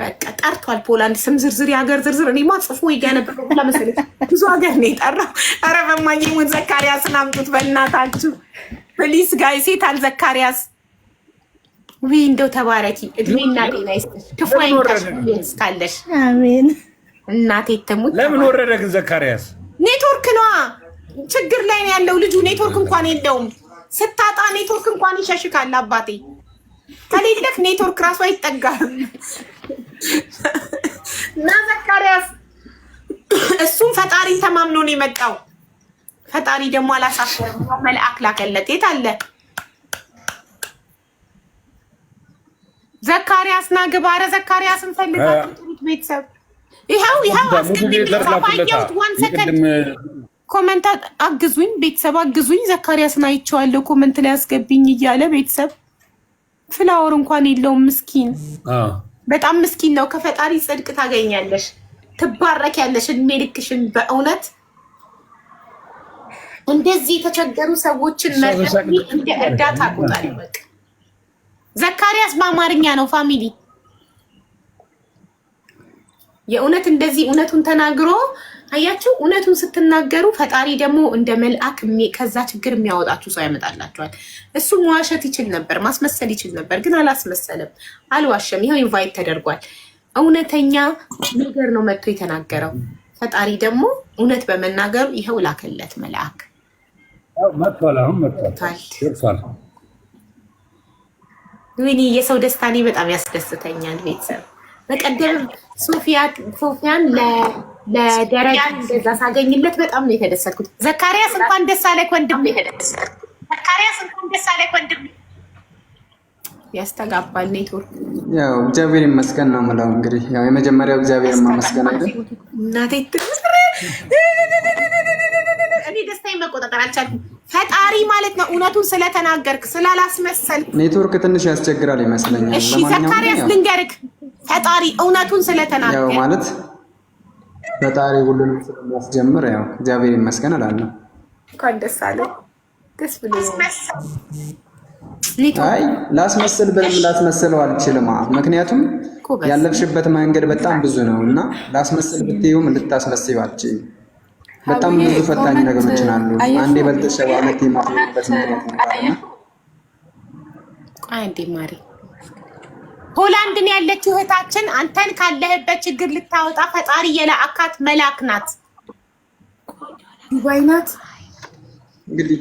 በቃ ጠርቷል። ፖላንድ ስም ዝርዝር የሀገር ዝርዝር እኔ ማጽፎ ይጋ ነበር ሁላ መሰለኝ። ብዙ ሀገር ነው የጠራው። ኧረ ሙን ዘካሪያስን ናምጡት በእናታችሁ ፕሊስ ጋይ ሴታል ዘካሪያስ? ዊ እንደው ተባረኪ፣ እድሜና ጤና ይስጥሽ፣ ክፉ አይንካሽ። አሜን እናቴ ትሙት። ለምን ወረደ ግን ዘካሪያስ? ኔትወርክ ነዋ ችግር ላይ ያለው ልጁ። ኔትወርክ እንኳን የለውም። ስታጣ ኔትወርክ እንኳን ይሸሽካል አባቴ። ከሌለክ ኔትወርክ ራሱ አይጠጋም። እና ዘካርያስ እሱም ፈጣሪ ተማምኖ ነው የመጣው። ፈጣሪ ደግሞ አላሳፈረም። መልአክ ላከለት። የት አለ ዘካርያስ? ና ግባ። ኧረ ዘካሪያስን ፈልጋችሁ ቤተሰብ። ይኸው ይኸው አስገድልአየሁት። ዋን ሰከንድ ኮመንት አግዙኝ ቤተሰብ አግዙኝ። ዘካሪያስን አይቼዋለሁ ኮመንት ላይ አስገብኝ እያለ ቤተሰብ ፍላወር እንኳን የለውም ምስኪን በጣም ምስኪን ነው። ከፈጣሪ ጽድቅ ታገኛለሽ፣ ትባረኪያለሽ እድሜ ልክሽን። በእውነት እንደዚህ የተቸገሩ ሰዎችን መርዳት እንደ እርዳታ ቁጣሪ። በቃ ዘካሪያስ በአማርኛ ነው ፋሚሊ የእውነት እንደዚህ እውነቱን ተናግሮ አያችሁ፣ እውነቱን ስትናገሩ ፈጣሪ ደግሞ እንደ መልአክ ከዛ ችግር የሚያወጣችሁ ሰው ያመጣላችኋል። እሱ መዋሸት ይችል ነበር፣ ማስመሰል ይችል ነበር፣ ግን አላስመሰልም፣ አልዋሸም። ይኸው ኢንቫይት ተደርጓል። እውነተኛ ነገር ነው መጥቶ የተናገረው። ፈጣሪ ደግሞ እውነት በመናገሩ ይኸው ላከለት መልአክ። ወይኔ የሰው ደስታ እኔ በጣም ያስደስተኛል ቤተሰብ በቀደም ሶፊያን ለደረጃ እንደዛ ሳገኝለት በጣም ነው የተደሰትኩት። ዘካሪያስ እንኳን ደስ አለህ ወንድሜ። ዘካሪያስ እንኳን ደስ አለህ ወንድሜ። ያስተጋባል ኔትወርክ። ያው እግዚአብሔር ይመስገን ነው የምለው። እንግዲህ ያው የመጀመሪያው እግዚአብሔር ማመስገን አይደል? እናቴ እኔ ደስታዬን መቆጣጠር አልቻልኩም። ፈጣሪ ማለት ነው እውነቱን ስለተናገርክ ስላላስመሰል ኔትወርክ ትንሽ ያስቸግራል ይመስለኛል። እሺ ዘካሪያስ ልንገርክ ፈጣሪ እውነቱን ስለተናገረ ማለት ፈጣሪ ሁሉንም ስለሚያስጀምር ያው እግዚአብሔር ይመስገን እላለሁ። እንኳን ደስ አለ። ደስ ብሎ አይ ላስመስል ብለም ላስመስለው አልችልም። ምክንያቱም ያለፍሽበት መንገድ በጣም ብዙ ነው እና ላስመስል ብትይውም ልታስመስይው አልችልም። በጣም ብዙ ፈታኝ ነገሮች አሉ። አንዴ በልተሽ ሰባት ዓመት የማትሆንበት ምክንያት ነበር እና ሆላንድን ያለች እህታችን አንተን ካለህበት ችግር ልታወጣ ፈጣሪ የላአካት መልአክ ናት። ዱባይ ናት። እንግዲህ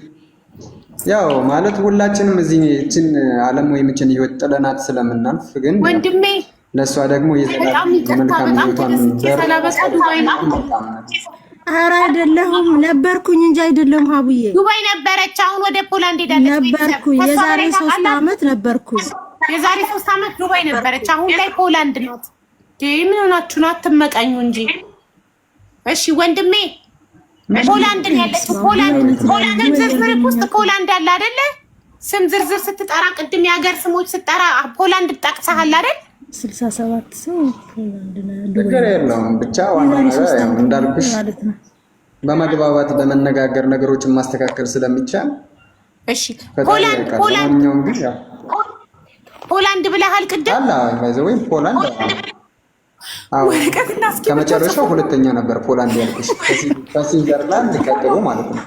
ያው ማለት ሁላችንም እዚህ እችን ዓለም ወይም እችን ህይወት ጥለናት ስለምናልፍ ግን ወንድሜ ለእሷ ደግሞ የዘላለም ኧረ አይደለሁም ነበርኩኝ እንጂ አይደለሁም። ሀቡዬ ዱባይ ነበረች። አሁን ወደ ፖላንድ ሄዳለች። ነበርኩኝ የዛሬ ሶስት አመት ነበርኩኝ። የዛሬ ሶስት ዓመት ዱባይ ነበረች፣ አሁን ላይ ሆላንድ ናት። ምን ሆናችሁ ነው? አትመቀኙ እንጂ እሺ ወንድሜ። ፖላንድ ያለችው ፖላንድ ፖላንድ ዝርዝር ውስጥ ፖላንድ አለ አይደለ? ስም ዝርዝር ስትጠራ ቅድም የሀገር ስሞች ስጠራ ሆላንድ ጠቅሰሃል አይደል? ስልሳ ሰባት ሰው ችግር የለውም ብቻ ዋና እንዳልኩሽ በመግባባት በመነጋገር ነገሮችን ማስተካከል ስለሚቻል እሺ ሆላንድ ፖላንድ ፖላንድ ብለሃል ቅድም። ወይ ፖላንድ ከመጨረሻው ሁለተኛ ነበር ፖላንድ ያልኩሽ ከስዊዘርላንድ ቀጥሎ ማለት ነው።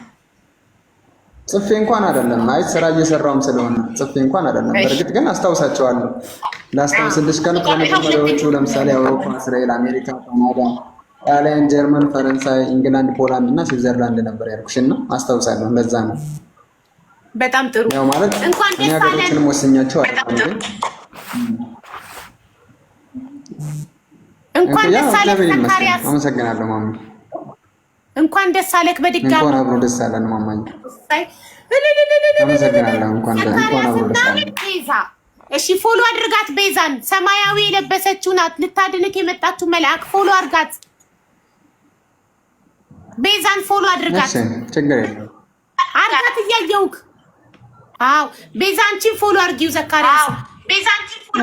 ጽፌ እንኳን አይደለም። አይ ስራ እየሰራውም ስለሆነ ጽፌ እንኳን አይደለም። በእርግጥ ግን አስታውሳቸዋለሁ። ላስታውስልሽ ከን ከመጀመሪያዎቹ ለምሳሌ አውሮፓ፣ እስራኤል፣ አሜሪካ፣ ካናዳ፣ ጣሊያን፣ ጀርመን፣ ፈረንሳይ፣ ኢንግላንድ፣ ፖላንድ እና ስዊዘርላንድ ነበር ያልኩሽ እና አስታውሳለሁ። ለዛ ነው በጣም ጥሩ ማለት እንኳን ደስ አለን። እኔ ወሰኛቸው እንኳን ደስ አለህ ዘካሪያስ፣ አመሰግናለሁ ማሚ። እንኳን ደስ አለክ በድጋሚ እንኳን አብሮ ደስ አለን ማማኝ። አመሰግናለሁ። እንኳን እንኳን አብሮ ደስ አለን ቤዛ። እሺ ፎሎ አድርጋት ቤዛን፣ ሰማያዊ የለበሰችው ናት። ልታድንክ የመጣችው መልአክ ፎሎ አድርጋት ቤዛን፣ ፎሎ አድርጋት። ችግር የለም አድርጋት፣ እያየውክ አዎ ቤዛንቺን ፎሎ አርጊው ዘካሪያስ። ቤዛንቺን ፎሎ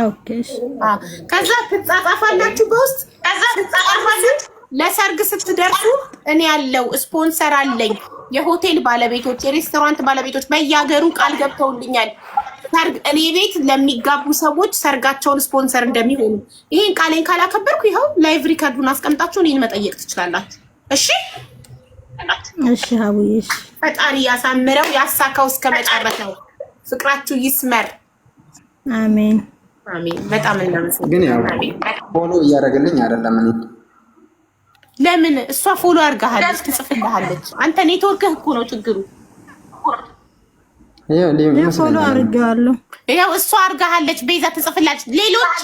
ከዛ ትጻጻፋላችሁ በውስጥ ከዛ ትጻጻፋላችሁ። ለሰርግ ስትደርሱ እኔ ያለው ስፖንሰር አለኝ። የሆቴል ባለቤቶች፣ የሬስቶራንት ባለቤቶች በያገሩ ቃል ገብተውልኛል ሰርግ እኔ ቤት ለሚጋቡ ሰዎች ሰርጋቸውን ስፖንሰር እንደሚሆኑ። ይሄን ቃሌን ካላከበርኩ ይኸው ላይቭ ሪከርዱን አስቀምጣችሁ እኔን መጠየቅ ትችላላችሁ። እሺ እሺ፣ ሀቡዬ ፈጣሪ ያሳምረው ያሳካው እስከ መጨረሻው። ፍቅራችሁ ይስመር። አሜን አሜን። በጣም እናመሰግናለን። ፎሎ እያደረግልኝ አይደለም። ለምን እሷ ፎሎ አድርጋሃለች፣ ትጽፍልሃለች። አንተ ኔትወርክህ እኮ ነው ችግሩ። ፎሎ አድርጌዋለሁ። ያው እሷ አድርጋሃለች፣ ቤዛ ትጽፍላለች። ሌሎች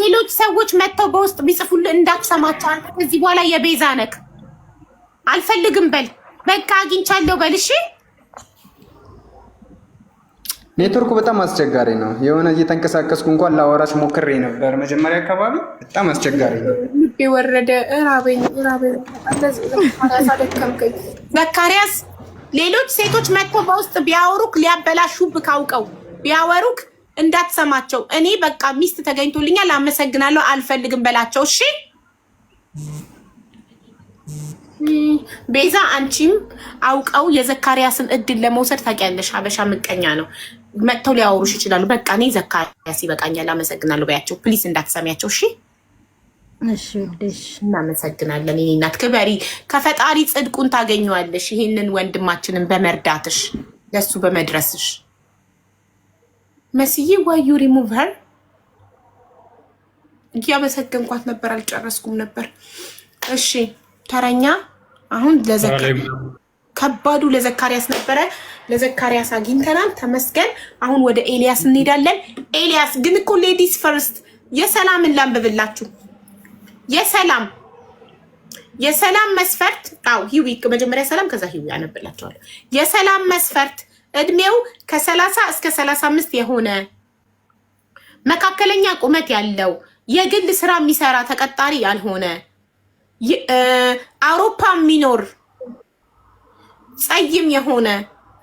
ሌሎች ሰዎች መጥተው በውስጥ ቢጽፉልህ እንዳትሰማቸው። አንተ ከዚህ በኋላ የቤዛ ነክ አልፈልግም በል፣ በቃ አግኝቻለሁ በል እሺ ኔትወርኩ በጣም አስቸጋሪ ነው። የሆነ እየተንቀሳቀስኩ እንኳን ላወራሽ ሞክሬ ነበር መጀመሪያ አካባቢ በጣም አስቸጋሪ ነው። ልቤ ወረደ። እራበኝ እራበኝ። ዘካሪያስ ሌሎች ሴቶች መጥቶ በውስጥ ቢያወሩክ ሊያበላሹብ ካውቀው ቢያወሩክ እንዳትሰማቸው። እኔ በቃ ሚስት ተገኝቶልኛል አመሰግናለሁ አልፈልግም በላቸው። እሺ ቤዛ አንቺም አውቀው የዘካሪያስን እድል ለመውሰድ ታውቂያለሽ። ሀበሻ ምቀኛ ነው። መጥተው ሊያወሩሽ ይችላሉ። በቃ እኔ ዘካሪያስ ይበቃኛል፣ አመሰግናለሁ በያቸው። ፕሊስ እንዳትሰሚያቸው እሺ። እናመሰግናለን። የእኔ እናት ክበሪ። ከፈጣሪ ጽድቁን ታገኘዋለሽ። ይህንን ወንድማችንን በመርዳትሽ ለሱ በመድረስሽ መስዬ ዋዩ ሪሙቨር እያመሰገንኳት ነበር፣ አልጨረስኩም ነበር። እሺ ተረኛ አሁን ከባዱ ለዘካሪያስ ነበረ። ለዘካሪያስ አግኝተናል፣ ተመስገን። አሁን ወደ ኤልያስ እንሄዳለን። ኤልያስ ግን እኮ ሌዲስ ፈርስት የሰላምን ላንብብላችሁ። የሰላም የሰላም መስፈርት ው ሂዊ መጀመሪያ ሰላም፣ ከዛ ሂዊ አነብላችኋለሁ። የሰላም መስፈርት እድሜው ከሰላሳ እስከ ሰላሳ አምስት የሆነ መካከለኛ ቁመት ያለው የግል ስራ የሚሰራ ተቀጣሪ ያልሆነ አውሮፓ የሚኖር ጸይም የሆነ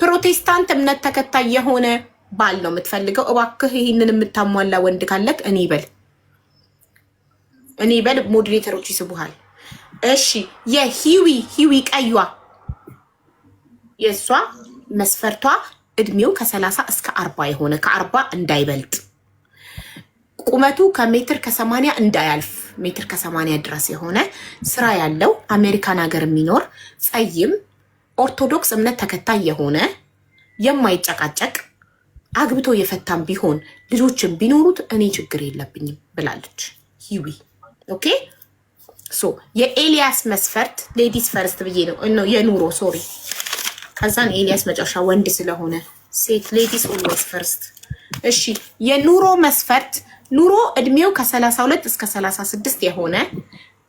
ፕሮቴስታንት እምነት ተከታይ የሆነ ባል ነው የምትፈልገው። እባክህ ይህንን የምታሟላ ወንድ ካለክ እኔ በል እኔ በል ሞዲሬተሮች ይስቡሃል። እሺ የሂዊ ሂዊ ቀዩዋ የእሷ መስፈርቷ እድሜው ከሰላሳ እስከ አርባ የሆነ ከአርባ እንዳይበልጥ ቁመቱ ከሜትር ከሰማንያ እንዳያልፍ ሜትር ከሰማንያ ድረስ የሆነ ስራ ያለው አሜሪካን ሀገር የሚኖር ጸይም ኦርቶዶክስ እምነት ተከታይ የሆነ የማይጨቃጨቅ አግብቶ የፈታም ቢሆን ልጆችን ቢኖሩት እኔ ችግር የለብኝም ብላለች ሂዊ። ኦኬ ሶ የኤልያስ መስፈርት ሌዲስ ፈርስት ብዬ ነው የኑሮ ሶሪ። ከዛን ኤልያስ መጨረሻ ወንድ ስለሆነ ሴት ሌዲስ ኦልዌይስ ፈርስት። እሺ የኑሮ መስፈርት ኑሮ እድሜው ከ32 እስከ 36 የሆነ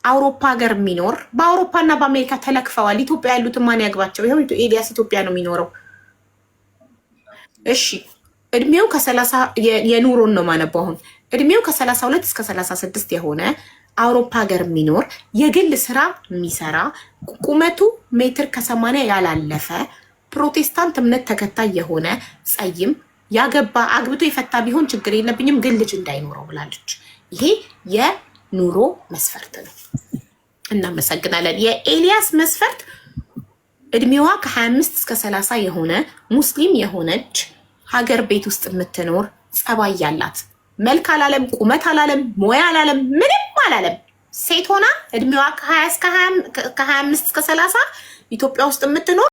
አውሮፓ ሀገር የሚኖር በአውሮፓና በአሜሪካ ተለክፈዋል። ኢትዮጵያ ያሉትን ማን ያግባቸው? ይኸው ኤልያስ ኢትዮጵያ ነው የሚኖረው። እሺ እድሜው ከሰላሳ የኑሮን ነው ማነባው። አሁን እድሜው ከ32 እስከ 36 የሆነ አውሮፓ ሀገር የሚኖር የግል ስራ የሚሰራ ቁመቱ ሜትር ከሰማንያ ያላለፈ ፕሮቴስታንት እምነት ተከታይ የሆነ ጸይም ያገባ አግብቶ የፈታ ቢሆን ችግር የለብኝም ግን ልጅ እንዳይኖረው ብላለች። ይሄ የኑሮ መስፈርት ነው። እናመሰግናለን። የኤልያስ መስፈርት እድሜዋ ከ25 እስከ 30 የሆነ ሙስሊም የሆነች ሀገር ቤት ውስጥ የምትኖር ጸባይ ያላት መልክ አላለም፣ ቁመት አላለም፣ ሞያ አላለም፣ ምንም አላለም። ሴት ሆና እድሜዋ ከ25 እስከ 30 ኢትዮጵያ ውስጥ የምትኖር